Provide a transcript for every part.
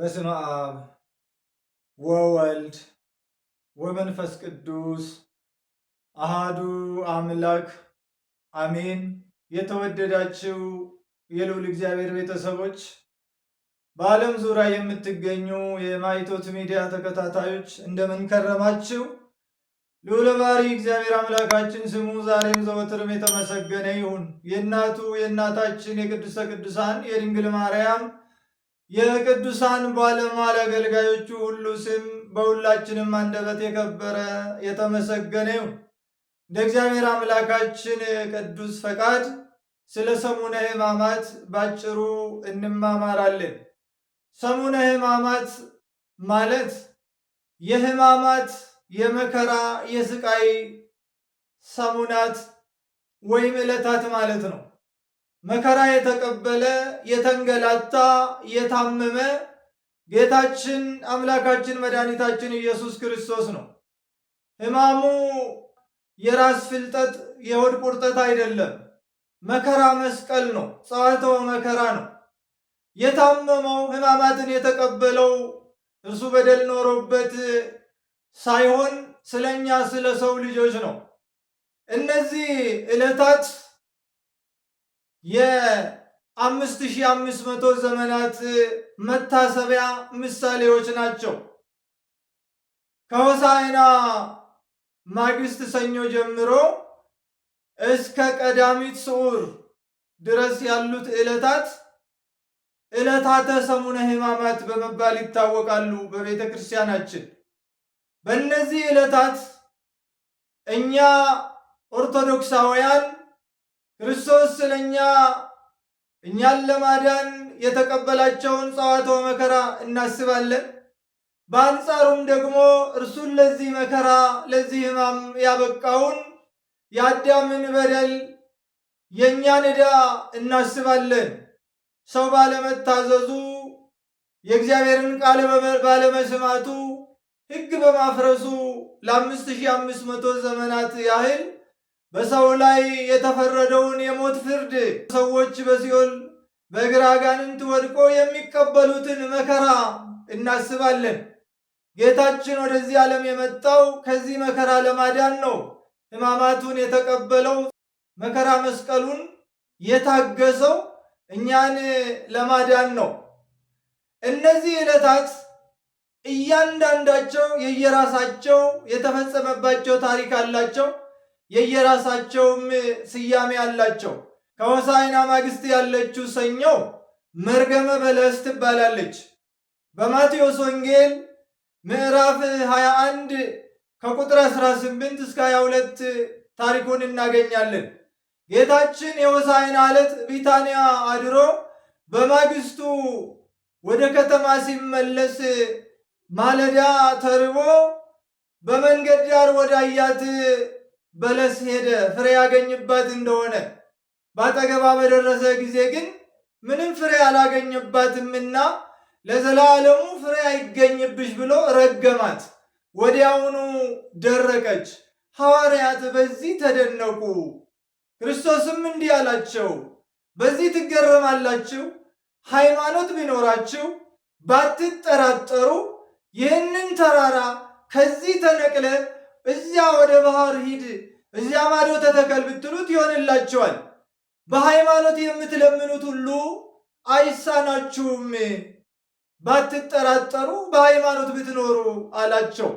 በስመ አብ ወወልድ ወመንፈስ ቅዱስ አሃዱ አምላክ አሜን። የተወደዳችው የልዑል እግዚአብሔር ቤተሰቦች በዓለም ዙሪያ የምትገኙ የማይቶት ሚዲያ ተከታታዮች እንደምን ከረማችሁ? ልዑለ ባሕሪ እግዚአብሔር አምላካችን ስሙ ዛሬም ዘወትርም የተመሰገነ ይሁን። የእናቱ የእናታችን የቅድስተ ቅዱሳን የድንግል ማርያም የቅዱሳን ባለሟል አገልጋዮቹ ሁሉ ስም በሁላችንም አንደበት የከበረ የተመሰገነ ይሁን። እንደ እግዚአብሔር አምላካችን ቅዱስ ፈቃድ ስለ ሰሙነ ሕማማት ባጭሩ እንማማራለን። ሰሙነ ሕማማት ማለት የሕማማት የመከራ የስቃይ ሰሙናት ወይም ዕለታት ማለት ነው። መከራ የተቀበለ የተንገላታ የታመመ ጌታችን አምላካችን መድኃኒታችን ኢየሱስ ክርስቶስ ነው። ሕማሙ የራስ ፍልጠት፣ የሆድ ቁርጠት አይደለም። መከራ መስቀል ነው። ጸዋትወ መከራ ነው። የታመመው ሕማማትን የተቀበለው እርሱ በደል ኖሮበት ሳይሆን ስለኛ ስለ ሰው ልጆች ነው። እነዚህ ዕለታት የአምስት ሺህ አምስት መቶ ዘመናት መታሰቢያ ምሳሌዎች ናቸው። ከሆሳዕና ማግስት ሰኞ ጀምሮ እስከ ቀዳሚት ስዑር ድረስ ያሉት ዕለታት ዕለታተ ሰሙነ ሕማማት በመባል ይታወቃሉ በቤተ ክርስቲያናችን። በእነዚህ ዕለታት እኛ ኦርቶዶክሳውያን ክርስቶስ ስለኛ እኛ እኛን ለማዳን የተቀበላቸውን ጸዋትወ መከራ እናስባለን። በአንጻሩም ደግሞ እርሱን ለዚህ መከራ ለዚህ ሕማም ያበቃውን የአዳምን በደል የእኛን ዕዳ እናስባለን። ሰው ባለመታዘዙ የእግዚአብሔርን ቃል ባለመስማቱ ሕግ በማፍረሱ ለአምስት ሺህ አምስት መቶ ዘመናት ያህል በሰው ላይ የተፈረደውን የሞት ፍርድ ሰዎች በሲኦል በግራ አጋንንት ወድቆ የሚቀበሉትን መከራ እናስባለን። ጌታችን ወደዚህ ዓለም የመጣው ከዚህ መከራ ለማዳን ነው። ሕማማቱን የተቀበለው መከራ መስቀሉን የታገሰው እኛን ለማዳን ነው። እነዚህ ዕለታት እያንዳንዳቸው የየራሳቸው የተፈጸመባቸው ታሪክ አላቸው። የየራሳቸውም ስያሜ አላቸው። ከሆሳዕና ማግስት ያለችው ሰኞ መርገመ በለስ ትባላለች። በማቴዎስ ወንጌል ምዕራፍ 21 ከቁጥር 18 እስከ 22 ታሪኩን እናገኛለን። ጌታችን የሆሳዕና ዕለት ቢታንያ አድሮ በማግስቱ ወደ ከተማ ሲመለስ ማለዳ ተርቦ በመንገድ ዳር ወዳያት በለስ ሄደ ፍሬ ያገኝባት እንደሆነ ባጠገባ በደረሰ ጊዜ ግን ምንም ፍሬ አላገኘባትምና ለዘላለሙ ፍሬ አይገኝብሽ ብሎ ረገማት። ወዲያውኑ ደረቀች። ሐዋርያት በዚህ ተደነቁ። ክርስቶስም እንዲህ አላቸው፣ በዚህ ትገረማላችሁ? ሃይማኖት ቢኖራችሁ ባትጠራጠሩ ይህንን ተራራ ከዚህ ተነቅለ እዚያ ወደ ባህር ሂድ፣ እዚያ ማዶ ተተከል ብትሉት ይሆንላቸዋል። በሃይማኖት የምትለምኑት ሁሉ አይሳናችሁም፣ ባትጠራጠሩ በሃይማኖት ብትኖሩ አላቸው።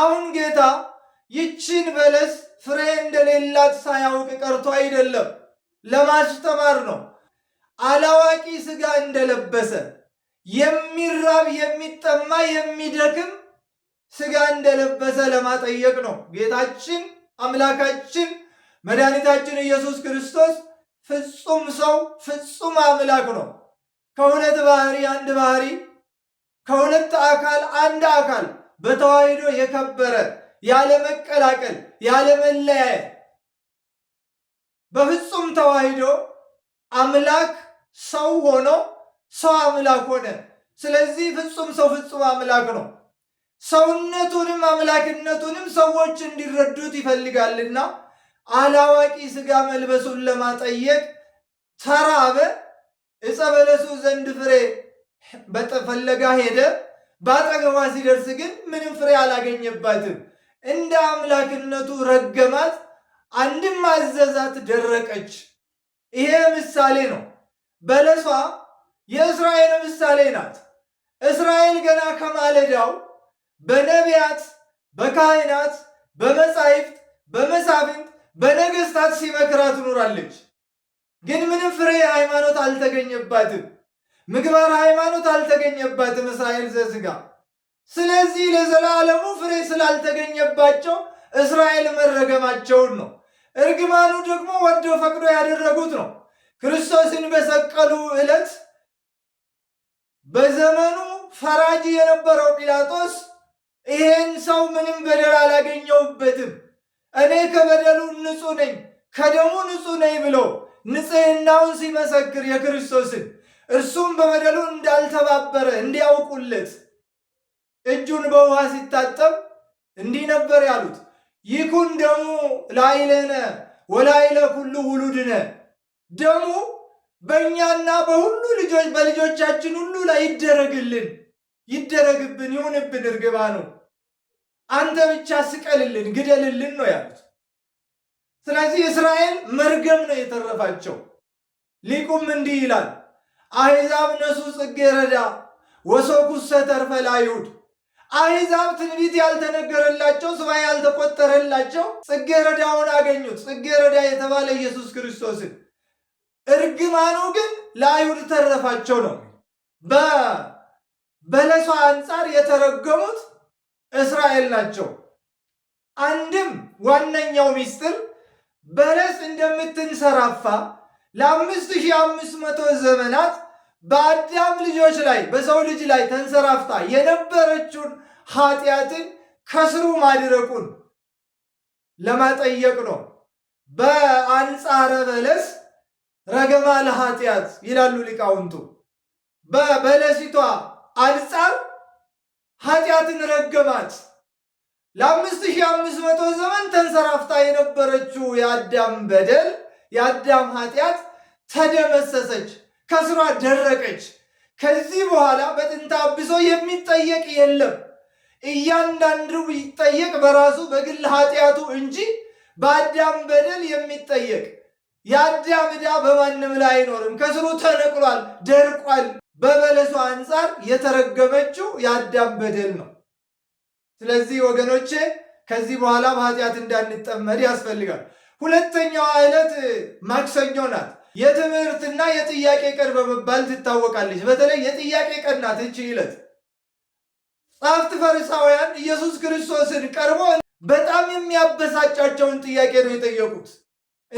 አሁን ጌታ ይችን በለስ ፍሬ እንደሌላት ሳያውቅ ቀርቶ አይደለም፣ ለማስተማር ነው። አላዋቂ ሥጋ እንደለበሰ የሚራብ የሚጠማ የሚደክም ስጋ እንደለበሰ ለማጠየቅ ነው። ጌታችን አምላካችን መድኃኒታችን ኢየሱስ ክርስቶስ ፍጹም ሰው ፍጹም አምላክ ነው። ከሁለት ባህሪ አንድ ባህሪ፣ ከሁለት አካል አንድ አካል በተዋህዶ የከበረ ያለ መቀላቀል ያለ መለያየት በፍጹም ተዋህዶ አምላክ ሰው ሆኖ ሰው አምላክ ሆነ። ስለዚህ ፍጹም ሰው ፍጹም አምላክ ነው። ሰውነቱንም አምላክነቱንም ሰዎች እንዲረዱት ይፈልጋልና አላዋቂ ስጋ መልበሱን ለማጠየቅ ተራበ። ዕፀ በለሱ ዘንድ ፍሬ በተፈለጋ ሄደ። በአጠገቧ ሲደርስ ግን ምንም ፍሬ አላገኘባትም። እንደ አምላክነቱ ረገማት፣ አንድም አዘዛት፣ ደረቀች። ይሄ ምሳሌ ነው። በለሷ የእስራኤል ምሳሌ ናት። እስራኤል ገና ከማለዳው በነቢያት፣ በካህናት፣ በመጻሕፍት፣ በመሳፍንት፣ በነገሥታት ሲመክራ ትኖራለች። ግን ምንም ፍሬ ሃይማኖት አልተገኘባትም፣ ምግባር ሃይማኖት አልተገኘባትም እስራኤል ዘሥጋ። ስለዚህ ለዘላለሙ ፍሬ ስላልተገኘባቸው እስራኤል መረገማቸውን ነው። እርግማኑ ደግሞ ወዶ ፈቅዶ ያደረጉት ነው። ክርስቶስን በሰቀሉ ዕለት በዘመኑ ፈራጅ የነበረው ጲላጦስ ይሄን ሰው ምንም በደል አላገኘውበትም፣ እኔ ከበደሉ ንጹህ ነኝ፣ ከደሙ ንጹህ ነኝ ብሎ ንጽህናውን ሲመሰክር የክርስቶስን እርሱም በበደሉ እንዳልተባበረ እንዲያውቁለት እጁን በውሃ ሲታጠብ እንዲህ ነበር ያሉት፣ ይኩን ደሙ ላይለነ ወላይለ ሁሉ ውሉድነ ደሙ በእኛና በሁሉ ልጆች በልጆቻችን ሁሉ ላይ ይደረግልን ይደረግብን ይሁንብን እርግባ ነው። አንተ ብቻ ስቀልልን፣ ግደልልን ነው ያሉት። ስለዚህ እስራኤል መርገም ነው የተረፋቸው። ሊቁም እንዲህ ይላል አሕዛብ ነሱ ጽጌ ረዳ ወሶኩሰ ተርፈ ላይሁድ አሕዛብ ትንቢት ያልተነገረላቸው ስባ ያልተቆጠረላቸው ጽጌ ረዳውን አገኙት። ጽጌ ረዳ የተባለ ኢየሱስ ክርስቶስን እርግማኑ ግን ለአይሁድ ተረፋቸው ነው። በለሷ አንጻር የተረገሙት እስራኤል ናቸው። አንድም ዋነኛው ሚስጥር በለስ እንደምትንሰራፋ ለአምስት ሺህ አምስት መቶ ዘመናት በአዳም ልጆች ላይ በሰው ልጅ ላይ ተንሰራፍታ የነበረችውን ኃጢአትን ከስሩ ማድረቁን ለማጠየቅ ነው። በአንጻረ በለስ ረገማ ለኃጢአት ይላሉ ሊቃውንቱ በበለሲቷ አንጻር ኃጢአትን ረገማት። ለአምስት ሺህ አምስት መቶ ዘመን ተንሰራፍታ የነበረችው የአዳም በደል የአዳም ኃጢአት ተደመሰሰች፣ ከስሯ ደረቀች። ከዚህ በኋላ በጥንተ አብሶ የሚጠየቅ የለም። እያንዳንዱ ይጠየቅ በራሱ በግል ኃጢአቱ እንጂ በአዳም በደል የሚጠየቅ የአዳም ዕዳ በማንም ላይ አይኖርም። ከስሩ ተነቅሏል፣ ደርቋል። በበለሱ አንጻር የተረገመችው የአዳም በደል ነው። ስለዚህ ወገኖቼ ከዚህ በኋላ በኃጢአት እንዳንጠመድ ያስፈልጋል። ሁለተኛዋ ዕለት ማክሰኞ ናት። የትምህርትና የጥያቄ ቀን በመባል ትታወቃለች። በተለይ የጥያቄ ቀን ናት ይህች ዕለት። ጸሐፍት ፈሪሳውያን ኢየሱስ ክርስቶስን ቀርቦ በጣም የሚያበሳጫቸውን ጥያቄ ነው የጠየቁት።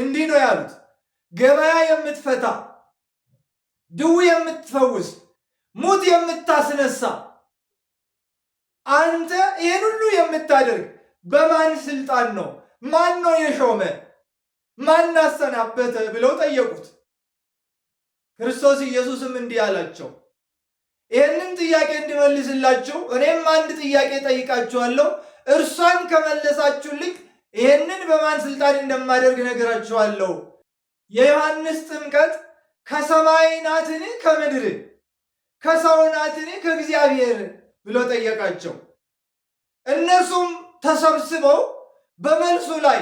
እንዲህ ነው ያሉት፣ ገበያ የምትፈታ ድው የምትፈውስ፣ ሙት የምታስነሳ፣ አንተ ይህን ሁሉ የምታደርግ በማን ስልጣን ነው? ማን ነው የሾመ? ማን አሰናበተ? ብለው ጠየቁት። ክርስቶስ ኢየሱስም እንዲህ አላቸው፣ ይህንን ጥያቄ እንድመልስላችሁ እኔም አንድ ጥያቄ ጠይቃችኋለሁ። እርሷን ከመለሳችሁ ልክ ይህንን በማን ስልጣን እንደማደርግ ነገራችኋለሁ። የዮሐንስ ጥምቀት ከሰማይ ናትን ከምድር ከሰው ናትን ከእግዚአብሔር ብሎ ጠየቃቸው። እነሱም ተሰብስበው በመልሱ ላይ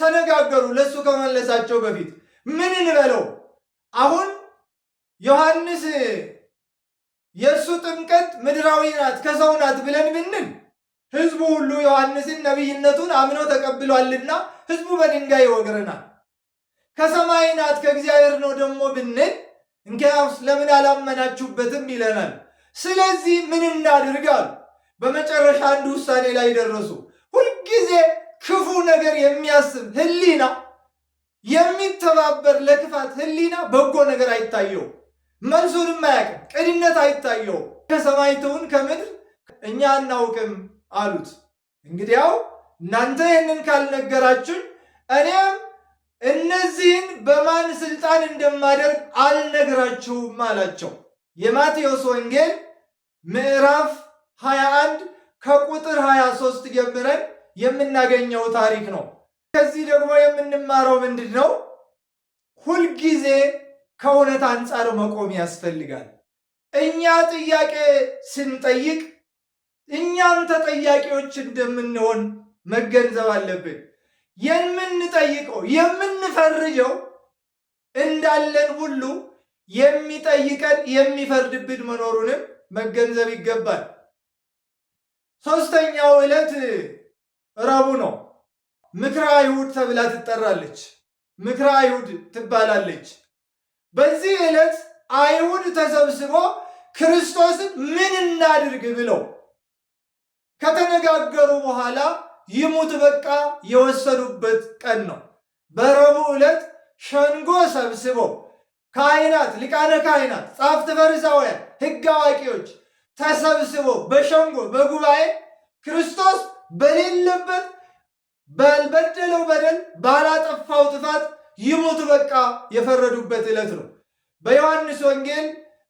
ተነጋገሩ። ለእሱ ከመለሳቸው በፊት ምን እንበለው? አሁን ዮሐንስ የእሱ ጥምቀት ምድራዊ ናት ከሰው ናት ብለን ብንል ህዝቡ ሁሉ ዮሐንስን ነቢይነቱን አምነው ተቀብሏልና ህዝቡ በድንጋይ ይወግረናል። ከሰማይ ናት ከእግዚአብሔር ነው ደግሞ ብንል እንኪያውስ ለምን አላመናችሁበትም ይለናል። ስለዚህ ምን እናድርጋል? በመጨረሻ አንድ ውሳኔ ላይ ደረሱ። ሁልጊዜ ክፉ ነገር የሚያስብ ህሊና የሚተባበር ለክፋት ህሊና በጎ ነገር አይታየው፣ መልሱንም አያውቅም፣ ቅድነት አይታየው። ከሰማይ ትሁን ከምድር እኛ አናውቅም አሉት። እንግዲያው እናንተ ይህንን ካልነገራችሁን እኔም እነዚህን በማን ስልጣን እንደማደርግ አልነግራችሁም አላቸው። የማቴዎስ ወንጌል ምዕራፍ 21 ከቁጥር 23 ጀምረን የምናገኘው ታሪክ ነው። ከዚህ ደግሞ የምንማረው ምንድን ነው? ሁልጊዜ ከእውነት አንጻር መቆም ያስፈልጋል። እኛ ጥያቄ ስንጠይቅ እኛም ተጠያቂዎች እንደምንሆን መገንዘብ አለብን። የምንጠይቀው የምንፈርጀው እንዳለን ሁሉ የሚጠይቀን የሚፈርድብን መኖሩንም መገንዘብ ይገባል። ሶስተኛው ዕለት ረቡዕ ነው። ምክረ አይሁድ ተብላ ትጠራለች። ምክረ አይሁድ ትባላለች። በዚህ ዕለት አይሁድ ተሰብስቦ ክርስቶስን ምን እናድርግ ብለው ከተነጋገሩ በኋላ ይሙት በቃ የወሰዱበት ቀን ነው። በረቡዕ ዕለት ሸንጎ ሰብስቦ ካህናት፣ ሊቃነ ካህናት፣ ጻፍት ፈሪሳውያን፣ ሕግ አዋቂዎች ተሰብስቦ በሸንጎ በጉባኤ ክርስቶስ በሌለበት ባልበደለው በደል ባላጠፋው ጥፋት ይሞቱ በቃ የፈረዱበት ዕለት ነው። በዮሐንስ ወንጌል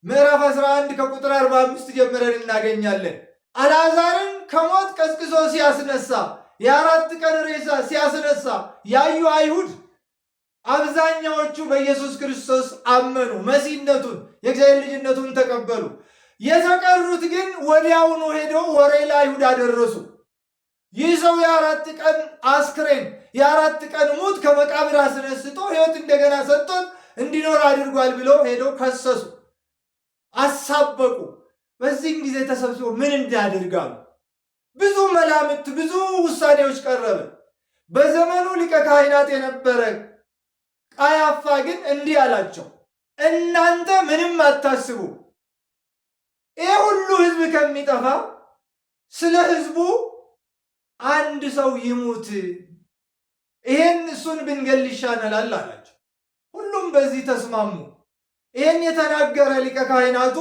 ምዕራፍ 11 ከቁጥር 45 ጀምረን እናገኛለን። አልዓዛርን ከሞት ቀስቅሶ ሲያስነሳ የአራት ቀን ሬሳ ሲያስነሳ ያዩ አይሁድ አብዛኛዎቹ በኢየሱስ ክርስቶስ አመኑ፣ መሲህነቱን የእግዚአብሔር ልጅነቱን ተቀበሉ። የተቀሩት ግን ወዲያውኑ ሄደው ወሬ ለአይሁድ አደረሱ። ይህ ሰው የአራት ቀን አስክሬን የአራት ቀን ሙት ከመቃብር አስነስቶ ሕይወት እንደገና ሰጥቶት እንዲኖር አድርጓል ብለው ሄደው ከሰሱ፣ አሳበቁ። በዚህም ጊዜ ተሰብስቦ ምን እንዳደርጋሉ ብዙ መላምት፣ ብዙ ውሳኔዎች ቀረበ። በዘመኑ ሊቀ ካህናት የነበረ ቃያፋ ግን እንዲህ አላቸው፣ እናንተ ምንም አታስቡ። ይህ ሁሉ ህዝብ ከሚጠፋ ስለ ህዝቡ አንድ ሰው ይሙት፣ ይሄን እሱን ብንገል ይሻላል አላቸው። ሁሉም በዚህ ተስማሙ። ይህን የተናገረ ሊቀ ካህናቱ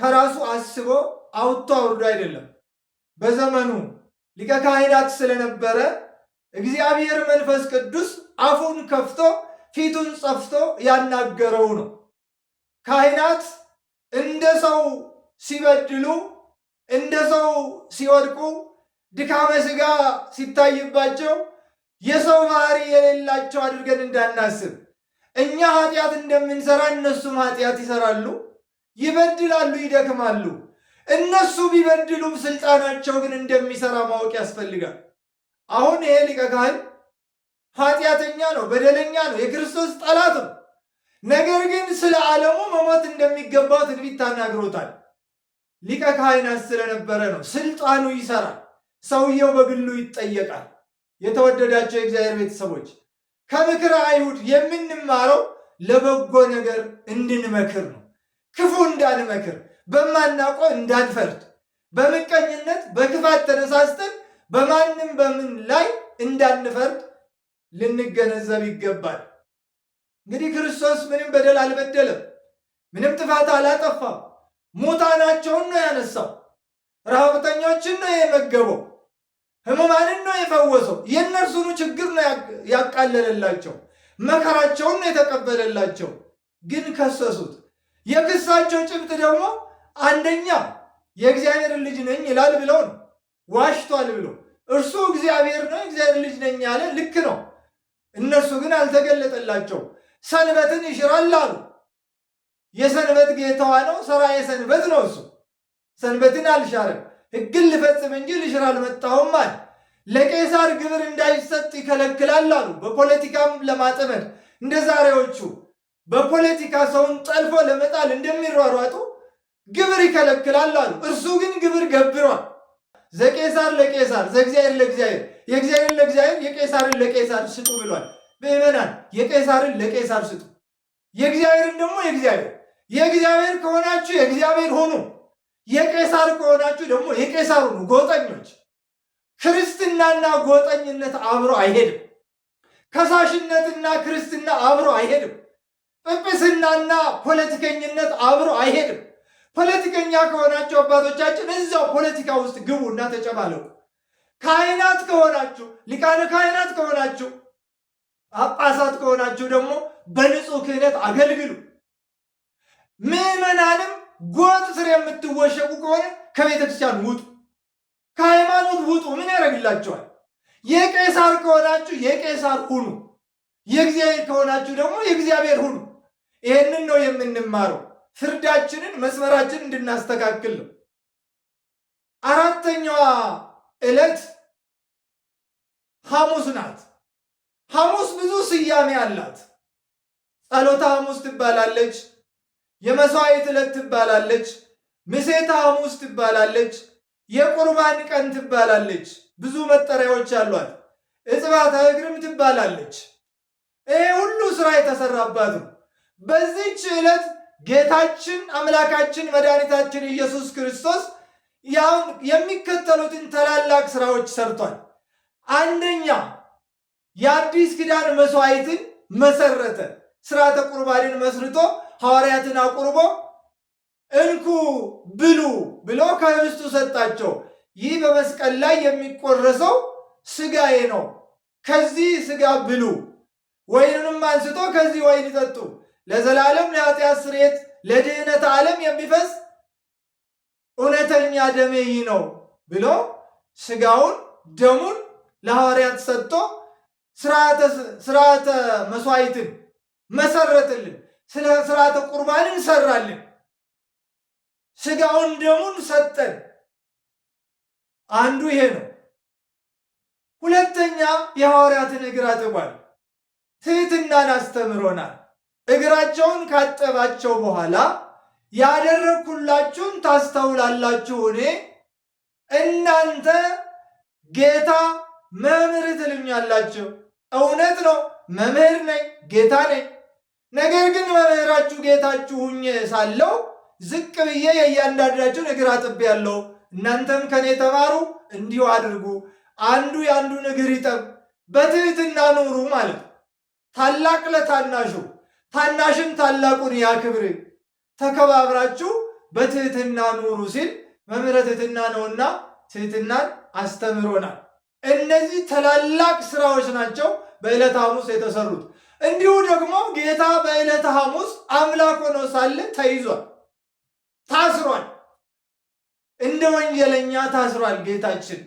ከራሱ አስቦ አውጥቶ አውርዶ አይደለም። በዘመኑ ሊቀ ካህናት ስለነበረ እግዚአብሔር መንፈስ ቅዱስ አፉን ከፍቶ ፊቱን ጸፍቶ ያናገረው ነው። ካህናት እንደ ሰው ሲበድሉ፣ እንደ ሰው ሲወድቁ፣ ድካመ ሥጋ ሲታይባቸው የሰው ባህሪ የሌላቸው አድርገን እንዳናስብ እኛ ኃጢአት እንደምንሰራ እነሱም ኃጢአት ይሰራሉ። ይበድላሉ፣ ይደክማሉ። እነሱ ቢበድሉም ስልጣናቸው ግን እንደሚሰራ ማወቅ ያስፈልጋል። አሁን ይሄ ሊቀ ካህን ኃጢአተኛ ነው፣ በደለኛ ነው፣ የክርስቶስ ጠላት ነው። ነገር ግን ስለ ዓለሙ መሞት እንደሚገባው ትንቢት ታናግሮታል። ሊቀ ካህናት ስለነበረ ነው ስልጣኑ ይሰራል። ሰውየው በግሉ ይጠየቃል። የተወደዳቸው የእግዚአብሔር ቤተሰቦች ከምክር አይሁድ የምንማረው ለበጎ ነገር እንድንመክር ነው። ክፉ እንዳንመክር፣ በማናውቀው እንዳንፈርድ፣ በምቀኝነት በክፋት ተነሳስተን በማንም በምን ላይ እንዳንፈርድ ልንገነዘብ ይገባል። እንግዲህ ክርስቶስ ምንም በደል አልበደለም፣ ምንም ጥፋት አላጠፋም። ሙታናቸውን ነው ያነሳው፣ ረሃብተኞችን ነው የመገበው፣ ህሙማንን ነው የፈወሰው። የእነርሱኑ ችግር ነው ያቃለለላቸው፣ መከራቸውን ነው የተቀበለላቸው። ግን ከሰሱት። የክሳቸው ጭብጥ ደግሞ አንደኛ የእግዚአብሔር ልጅ ነኝ ይላል ብለው ነው። ዋሽቷል ብሎ እርሱ እግዚአብሔር ነው እግዚአብሔር ልጅ ነኝ ያለ ልክ ነው። እነሱ ግን አልተገለጠላቸው። ሰንበትን ይሽራል አሉ። የሰንበት ጌታዋ ነው፣ ሰራ የሰንበት ነው። እሱ ሰንበትን አልሻረም፣ ሕግን ልፈጽም እንጂ ልሽር አልመጣሁም አለ። ለቄሳር ግብር እንዳይሰጥ ይከለክላል አሉ። በፖለቲካም ለማጥመድ እንደ ዛሬዎቹ በፖለቲካ ሰውን ጠልፎ ለመጣል እንደሚሯሯጡ ግብር ይከለክላል አሉ። እርሱ ግን ግብር ገብሯል። ዘቄሳር ለቄሳር ዘእግዚአብሔር ለእግዚአብሔር የእግዚአብሔር ለእግዚአብሔር የቄሳርን ለቄሳር ስጡ ብሏል። ምዕመናን የቄሳርን ለቄሳር ስጡ፣ የእግዚአብሔርን ደግሞ የእግዚአብሔር የእግዚአብሔር ከሆናችሁ የእግዚአብሔር ሆኑ፣ የቄሳር ከሆናችሁ ደግሞ የቄሳር ሆኑ። ጎጠኞች ክርስትናና ጎጠኝነት አብሮ አይሄድም። ከሳሽነትና ክርስትና አብሮ አይሄድም። ጵጵስናና ፖለቲከኝነት አብሮ አይሄድም። ፖለቲከኛ ከሆናችሁ አባቶቻችን እዛው ፖለቲካ ውስጥ ግቡ እና ተጨማለቁ። ካህናት ከሆናችሁ ሊቃነ ካህናት ከሆናችሁ ጳጳሳት ከሆናችሁ ደግሞ በንጹህ ክህነት አገልግሉ። ምዕመናንም ጎጥ ስር የምትወሸቁ ከሆነ ከቤተ ክርስቲያን ውጡ፣ ከሃይማኖት ውጡ። ምን ያደርግላችኋል? የቄሳር ከሆናችሁ የቄሳር ሁኑ፣ የእግዚአብሔር ከሆናችሁ ደግሞ የእግዚአብሔር ሁኑ። ይህንን ነው የምንማረው። ፍርዳችንን መስመራችን እንድናስተካክል ነው። አራተኛዋ ዕለት ሐሙስ ናት። ሐሙስ ብዙ ስያሜ አላት። ጸሎተ ሐሙስ ትባላለች፣ የመሥዋዕት ዕለት ትባላለች፣ ምሴተ ሐሙስ ትባላለች፣ የቁርባን ቀን ትባላለች። ብዙ መጠሪያዎች አሏት። እጽባተ እግርም ትባላለች። ይሄ ሁሉ ስራ የተሰራባት ነው። በዚች ዕለት ጌታችን አምላካችን መድኃኒታችን ኢየሱስ ክርስቶስ ያውን የሚከተሉትን ታላላቅ ስራዎች ሰርቷል። አንደኛ የአዲስ ኪዳን መስዋዕትን መሰረተ። ስርዓተ ቁርባንን መስርቶ ሐዋርያትን አቁርቦ እንኩ ብሉ ብሎ ከህብስቱ ሰጣቸው። ይህ በመስቀል ላይ የሚቆረሰው ስጋዬ ነው፣ ከዚህ ስጋ ብሉ፣ ወይንንም አንስቶ ከዚህ ወይን ጠጡ ለዘላለም ለኃጢአት ስርየት ለድህነት ዓለም የሚፈስ እውነተኛ ደሜ ይህ ነው ብሎ ስጋውን ደሙን ለሐዋርያት ሰጥቶ ስርዓተ መስዋዕትን መሰረትልን። ስለ ስርዓተ ቁርባንን ሰራልን። ስጋውን ደሙን ሰጠን። አንዱ ይሄ ነው። ሁለተኛ የሐዋርያትን እግር አጥቧል። ትህትናን አስተምሮናል። እግራቸውን ካጠባቸው በኋላ ያደረግኩላችሁን ታስተውላላችሁ። እኔ እናንተ ጌታ መምህር ትሉኛላችሁ። እውነት ነው፣ መምህር ነኝ፣ ጌታ ነኝ። ነገር ግን መምህራችሁ ጌታችሁ ሁኜ ሳለው ዝቅ ብዬ የእያንዳንዳችሁን እግር ያለው እናንተም ከኔ ተማሩ፣ እንዲሁ አድርጉ። አንዱ የአንዱን እግር ይጠብ፣ በትህትና ኑሩ ማለት ታላቅ ለታናሹ ታናሽም ታላቁን ያክብር፣ ተከባብራችሁ በትህትና ኑሩ ሲል መምህረ ትህትና ነውና ትህትናን አስተምሮናል። እነዚህ ታላላቅ ስራዎች ናቸው በዕለተ ሐሙስ የተሰሩት። እንዲሁ ደግሞ ጌታ በዕለተ ሐሙስ አምላክ ሆኖ ሳለ ተይዟል፣ ታስሯል። እንደ ወንጀለኛ ታስሯል ጌታችን።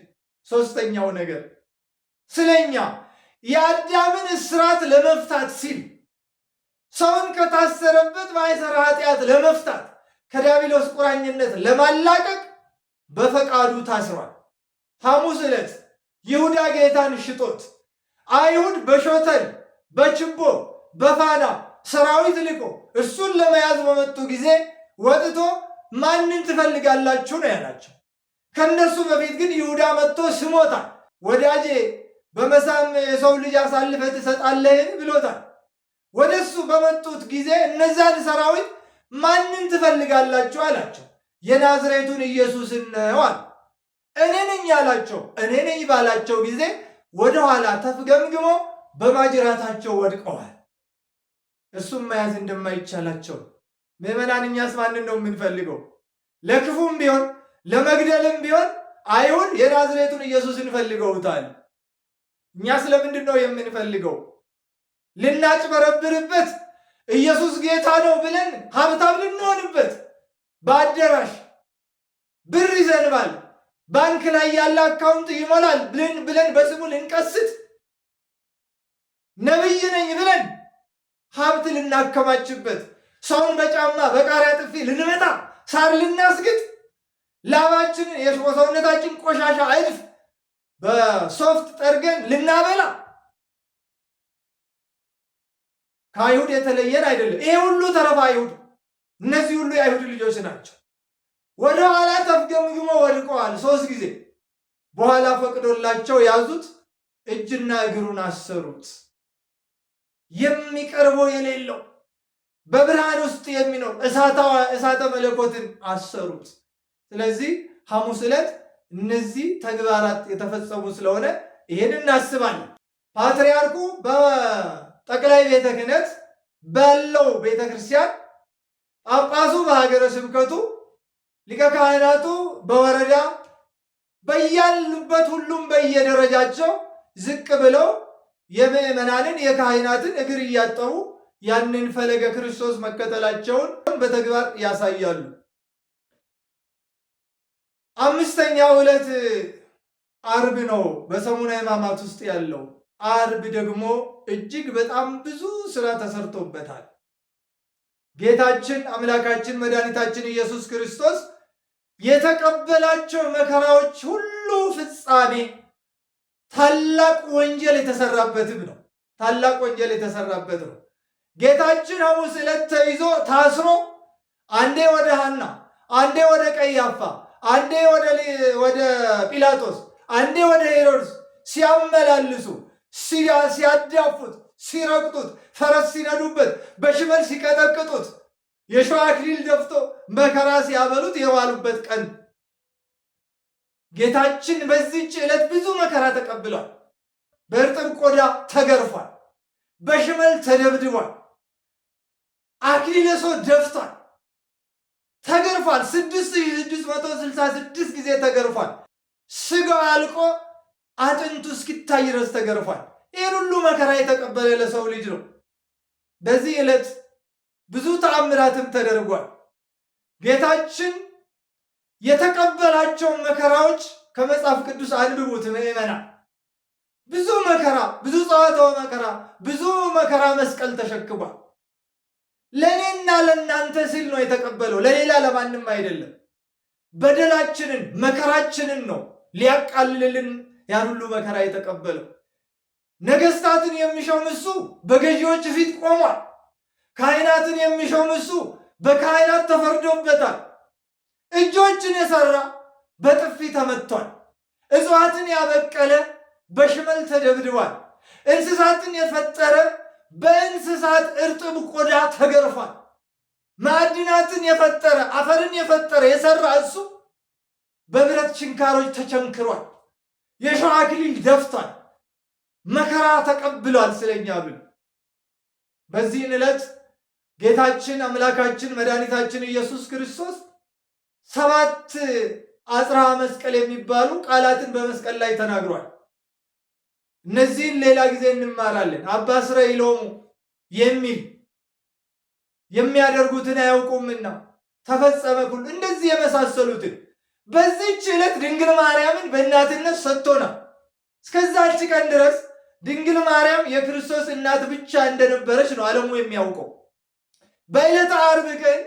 ሶስተኛው ነገር ስለኛ የአዳምን እስራት ለመፍታት ሲል ሰውን ከታሰረበት ማይሰራ ኃጢአት ለመፍታት ከዲያብሎስ ቁራኝነት ለማላቀቅ በፈቃዱ ታስሯል። ሐሙስ ዕለት ይሁዳ ጌታን ሽጦት አይሁድ በሾተል በችቦ በፋና ሰራዊት ልኮ እሱን ለመያዝ በመጡ ጊዜ ወጥቶ ማንን ትፈልጋላችሁ ነው ያላቸው። ከነሱ በፊት ግን ይሁዳ መጥቶ ስሞታል። ወዳጄ በመሳም የሰው ልጅ አሳልፈ ትሰጣለህን ብሎታል። ወደ እሱ በመጡት ጊዜ እነዛን ሰራዊት ማንን ትፈልጋላችሁ አላቸው። የናዝሬቱን ኢየሱስን ነው አሉ። እኔ ነኝ አላቸው። እኔ ነኝ ባላቸው ጊዜ ወደኋላ ተፍገምግሞ በማጅራታቸው ወድቀዋል። እሱም መያዝ እንደማይቻላቸው ምዕመናን፣ እኛስ ማንን ነው የምንፈልገው? ለክፉም ቢሆን ለመግደልም ቢሆን አይሁድ የናዝሬቱን ኢየሱስን ፈልገውታል። እኛስ ለምንድን ነው የምንፈልገው? ልናጭበረብርበት፣ ኢየሱስ ጌታ ነው ብለን ሀብታም ልንሆንበት፣ በአዳራሽ ብር ይዘንባል፣ ባንክ ላይ ያለ አካውንት ይሞላል ብለን በስሙ ልንቀስት፣ ነብይ ነኝ ብለን ሀብት ልናከማችበት፣ ሰውን በጫማ በቃሪያ ጥፊ ልንመታ፣ ሳር ልናስግጥ፣ ላባችንን የሰውነታችን ቆሻሻ እልፍ በሶፍት ጠርገን ልናበላ ከአይሁድ የተለየን አይደለም። ይሄ ሁሉ ተረፋ አይሁድ፣ እነዚህ ሁሉ የአይሁድ ልጆች ናቸው። ወደ ኋላ ተፍገምግሞ ወድቀዋል። ሶስት ጊዜ በኋላ ፈቅዶላቸው ያዙት፣ እጅና እግሩን አሰሩት። የሚቀርበው የሌለው በብርሃን ውስጥ የሚኖር እሳተ መለኮትን አሰሩት። ስለዚህ ሐሙስ ዕለት እነዚህ ተግባራት የተፈጸሙ ስለሆነ ይህን እናስባለን። ፓትርያርኩ ጠቅላይ ቤተ ክህነት ባለው ቤተ ክርስቲያን ጳጳሱ በሀገረ ስብከቱ፣ ሊቀ ካህናቱ በወረዳ በያሉበት ሁሉም በየደረጃቸው ዝቅ ብለው የምእመናንን የካህናትን እግር እያጠቡ ያንን ፈለገ ክርስቶስ መከተላቸውን በተግባር ያሳያሉ። አምስተኛው ዕለት አርብ ነው። በሰሙነ ሕማማት ውስጥ ያለው አርብ ደግሞ እጅግ በጣም ብዙ ስራ ተሰርቶበታል። ጌታችን አምላካችን መድኃኒታችን ኢየሱስ ክርስቶስ የተቀበላቸው መከራዎች ሁሉ ፍጻሜ ታላቅ ወንጀል የተሰራበትም ነው። ታላቅ ወንጀል የተሰራበት ነው። ጌታችን ሐሙስ ዕለት ተይዞ ታስሮ አንዴ ወደ ሐና፣ አንዴ ወደ ቀያፋ፣ አንዴ ወደ ጲላጦስ፣ አንዴ ወደ ሄሮድስ ሲያመላልሱ ሲያዳፉት፣ ሲረግጡት፣ ፈረስ ሲነዱበት፣ በሽመል ሲቀጠቅጡት፣ የሸዋ አክሊል ደፍቶ መከራ ሲያበሉት የዋሉበት ቀን ጌታችን በዚህች ዕለት ብዙ መከራ ተቀብሏል። በእርጥብ ቆዳ ተገርፏል። በሽመል ተደብድቧል። አክሊለ ሦክ ደፍቷል። ተገርፏል። ስድስት ስድስት መቶ ስልሳ ስድስት ጊዜ ተገርፏል። ስጋው አልቆ አጥንቱ እስኪታይ ድረስ ተገርፏል። ይህን ሁሉ መከራ የተቀበለ ለሰው ልጅ ነው። በዚህ ዕለት ብዙ ተአምራትም ተደርጓል። ጌታችን የተቀበላቸውን መከራዎች ከመጽሐፍ ቅዱስ አንብቡት ምእመና። ብዙ መከራ፣ ብዙ ጸዋትወ መከራ፣ ብዙ መከራ መስቀል ተሸክቧል። ለእኔና ለእናንተ ሲል ነው የተቀበለው፣ ለሌላ ለማንም አይደለም። በደላችንን መከራችንን ነው ሊያቃልልን ያን ሁሉ መከራ የተቀበለው። ነገስታትን የሚሾም እሱ በገዢዎች ፊት ቆሟል። ካህናትን የሚሾም እሱ በካህናት ተፈርዶበታል። እጆችን የሰራ በጥፊ ተመቷል። እጽዋትን ያበቀለ በሽመል ተደብድቧል። እንስሳትን የፈጠረ በእንስሳት እርጥብ ቆዳ ተገርፏል። ማዕድናትን የፈጠረ አፈርን የፈጠረ የሰራ እሱ በብረት ችንካሮች ተቸንክሯል። የሾህ አክሊል ደፍቷል፣ መከራ ተቀብሏል ስለኛ ብሎ በዚህን ዕለት ጌታችን አምላካችን መድኃኒታችን ኢየሱስ ክርስቶስ ሰባት አጽራ መስቀል የሚባሉ ቃላትን በመስቀል ላይ ተናግሯል። እነዚህን ሌላ ጊዜ እንማራለን። አባ ስረ ይሎሙ የሚል የሚያደርጉትን አያውቁምና ተፈጸመ ሁሉ እንደዚህ የመሳሰሉትን በዚህች ዕለት ድንግል ማርያምን በእናትነት ሰጥቶናል። እስከዛች ቀን ድረስ ድንግል ማርያም የክርስቶስ እናት ብቻ እንደነበረች ነው ዓለሙ የሚያውቀው። በዕለተ ዓርብ ቀን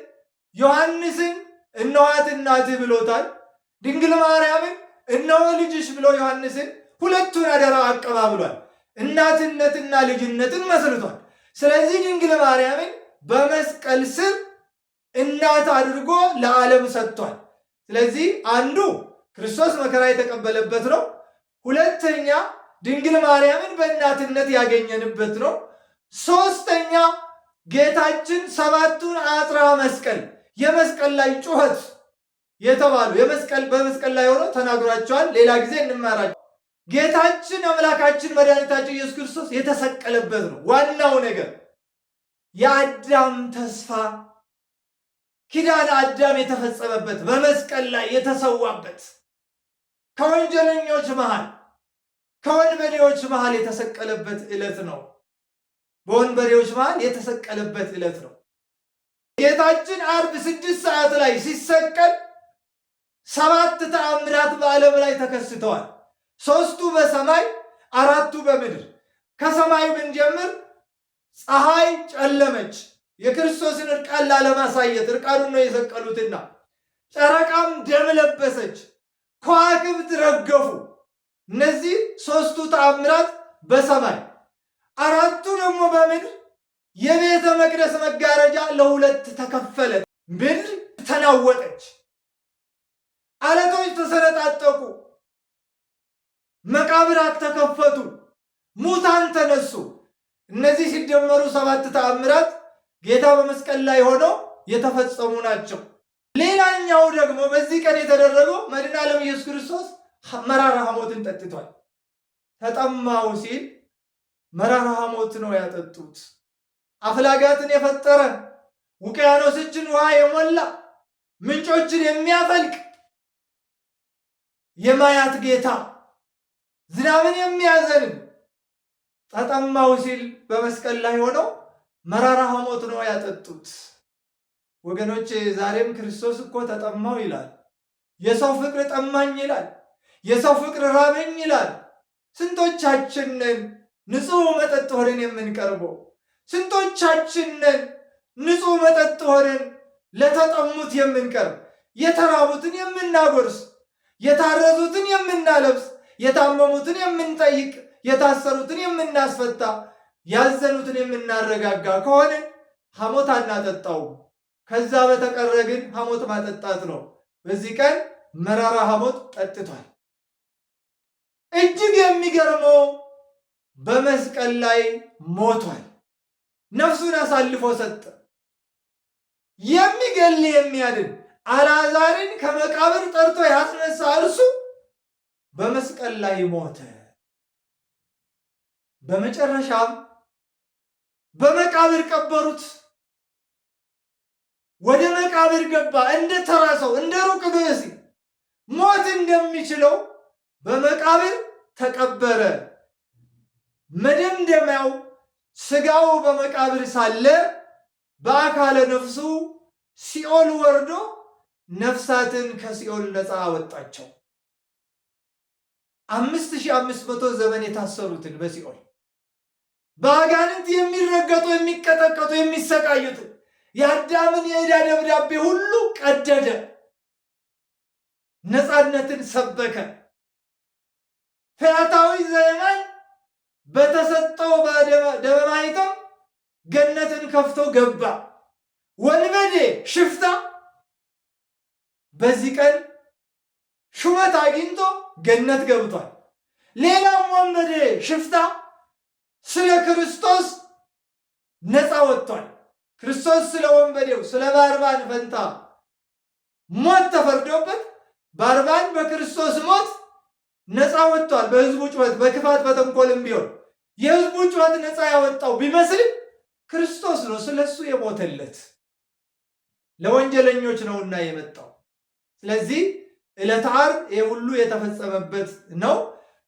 ዮሐንስን እነኋት እናትህ ብሎታል። ድንግል ማርያምን እነሆ ልጅሽ ብሎ ዮሐንስን ሁለቱን አደራ አቀባብሏል። እናትነትና ልጅነትን መስርቷል። ስለዚህ ድንግል ማርያምን በመስቀል ስር እናት አድርጎ ለዓለም ሰጥቷል። ስለዚህ አንዱ ክርስቶስ መከራ የተቀበለበት ነው። ሁለተኛ ድንግል ማርያምን በእናትነት ያገኘንበት ነው። ሶስተኛ ጌታችን ሰባቱን አጥራ መስቀል የመስቀል ላይ ጩኸት የተባሉ የመስቀል በመስቀል ላይ ሆኖ ተናግሯቸዋል። ሌላ ጊዜ እንማራቸው። ጌታችን አምላካችን መድኃኒታችን ኢየሱስ ክርስቶስ የተሰቀለበት ነው። ዋናው ነገር የአዳም ተስፋ ኪዳነ አዳም የተፈጸመበት በመስቀል ላይ የተሰዋበት ከወንጀለኞች መሃል ከወንበዴዎች መሃል የተሰቀለበት ዕለት ነው። በወንበዴዎች መሃል የተሰቀለበት ዕለት ነው። ጌታችን አርብ ስድስት ሰዓት ላይ ሲሰቀል ሰባት ተአምራት በዓለም ላይ ተከስተዋል። ሦስቱ በሰማይ አራቱ በምድር። ከሰማይ ብንጀምር ፀሐይ ጨለመች። የክርስቶስን እርቃን ላለማሳየት እርቃኑን ነው የሰቀሉትና፣ ጨረቃም ደም ለበሰች፣ ከዋክብት ረገፉ። እነዚህ ሦስቱ ተአምራት በሰማይ አራቱ ደግሞ በምድር የቤተ መቅደስ መጋረጃ ለሁለት ተከፈለ። ምድር ተናወጠች፣ አለቶች ተሰነጣጠቁ፣ መቃብራት ተከፈቱ፣ ሙታን ተነሱ። እነዚህ ሲደመሩ ሰባት ተአምራት ጌታ በመስቀል ላይ ሆነው የተፈጸሙ ናቸው። ሌላኛው ደግሞ በዚህ ቀን የተደረገው መድኃኔ ዓለም ኢየሱስ ክርስቶስ መራራ ሐሞትን ጠጥቷል። ተጠማው ሲል መራራ ሐሞት ነው ያጠጡት። አፍላጋትን የፈጠረ ውቅያኖሶችን ውሃ የሞላ ምንጮችን የሚያፈልቅ የማያት ጌታ ዝናብን የሚያዘንን ተጠማው ሲል በመስቀል ላይ ሆነው መራራ ሐሞት ነው ያጠጡት። ወገኖች ዛሬም ክርስቶስ እኮ ተጠማው ይላል። የሰው ፍቅር ጠማኝ ይላል። የሰው ፍቅር ራበኝ ይላል። ስንቶቻችንን ንጹሕ መጠጥ ሆነን የምንቀርበው? ስንቶቻችንን ንጹሕ መጠጥ ሆነን ለተጠሙት የምንቀርብ፣ የተራቡትን የምናጎርስ፣ የታረዙትን የምናለብስ፣ የታመሙትን የምንጠይቅ፣ የታሰሩትን የምናስፈታ ያዘኑትን የምናረጋጋ ከሆነ ሐሞት አናጠጣው። ከዛ በተቀረ ግን ሐሞት ማጠጣት ነው። በዚህ ቀን መራራ ሐሞት ጠጥቷል። እጅግ የሚገርመው በመስቀል ላይ ሞቷል። ነፍሱን አሳልፎ ሰጠ። የሚገል የሚያድን አላዛርን ከመቃብር ጠርቶ ያስነሳ እርሱ በመስቀል ላይ ሞተ። በመጨረሻም በመቃብር ቀበሩት። ወደ መቃብር ገባ እንደ ተራ ሰው እንደ ሩቅ ብእሲ ሞት እንደሚችለው በመቃብር ተቀበረ። መደምደሚያው ስጋው በመቃብር ሳለ በአካለ ነፍሱ ሲኦል ወርዶ ነፍሳትን ከሲኦል ነፃ አወጣቸው። አምስት ሺህ አምስት መቶ ዘመን የታሰሩትን በሲኦል በአጋንንት የሚረገጡ የሚቀጠቀጡ የሚሰቃዩት የአዳምን የዕዳ ደብዳቤ ሁሉ ቀደደ፣ ነፃነትን ሰበከ። ፈያታዊ ዘየማን በተሰጠው ደብረ ማኅተም ገነትን ከፍቶ ገባ። ወንበዴ ሽፍታ በዚህ ቀን ሹመት አግኝቶ ገነት ገብቷል። ሌላም ወንበዴ ሽፍታ ስለ ክርስቶስ ነፃ ወጥቷል። ክርስቶስ ስለ ወንበዴው ስለ ባርባን ፈንታ ሞት ተፈርዶበት ባርባን በክርስቶስ ሞት ነፃ ወጥቷል። በህዝቡ ጩኸት፣ በክፋት በተንኮልም ቢሆን የህዝቡ ጩኸት ነፃ ያወጣው ቢመስልም ክርስቶስ ነው ስለ እሱ የሞተለት ለወንጀለኞች ነውና የመጣው። ስለዚህ ዕለተ ዓርብ ይህ ሁሉ የተፈጸመበት ነው።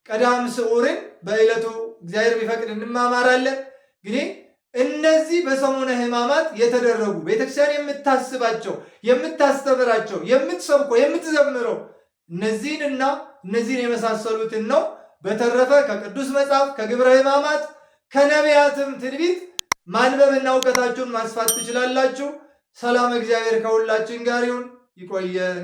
ቀዳም ስዑርን በዕለቱ እግዚአብሔር ቢፈቅድ እንማማራለን። ግን እነዚህ በሰሞነ ሕማማት የተደረጉ ቤተክርስቲያን የምታስባቸው የምታስተምራቸው፣ የምትሰብኮ፣ የምትዘምረው እነዚህንና እነዚህን የመሳሰሉትን ነው። በተረፈ ከቅዱስ መጽሐፍ ከግብረ ሕማማት ከነቢያትም ትንቢት ማንበብና እውቀታችሁን ማስፋት ትችላላችሁ። ሰላም እግዚአብሔር ከሁላችን ጋር ይሁን። ይቆየን።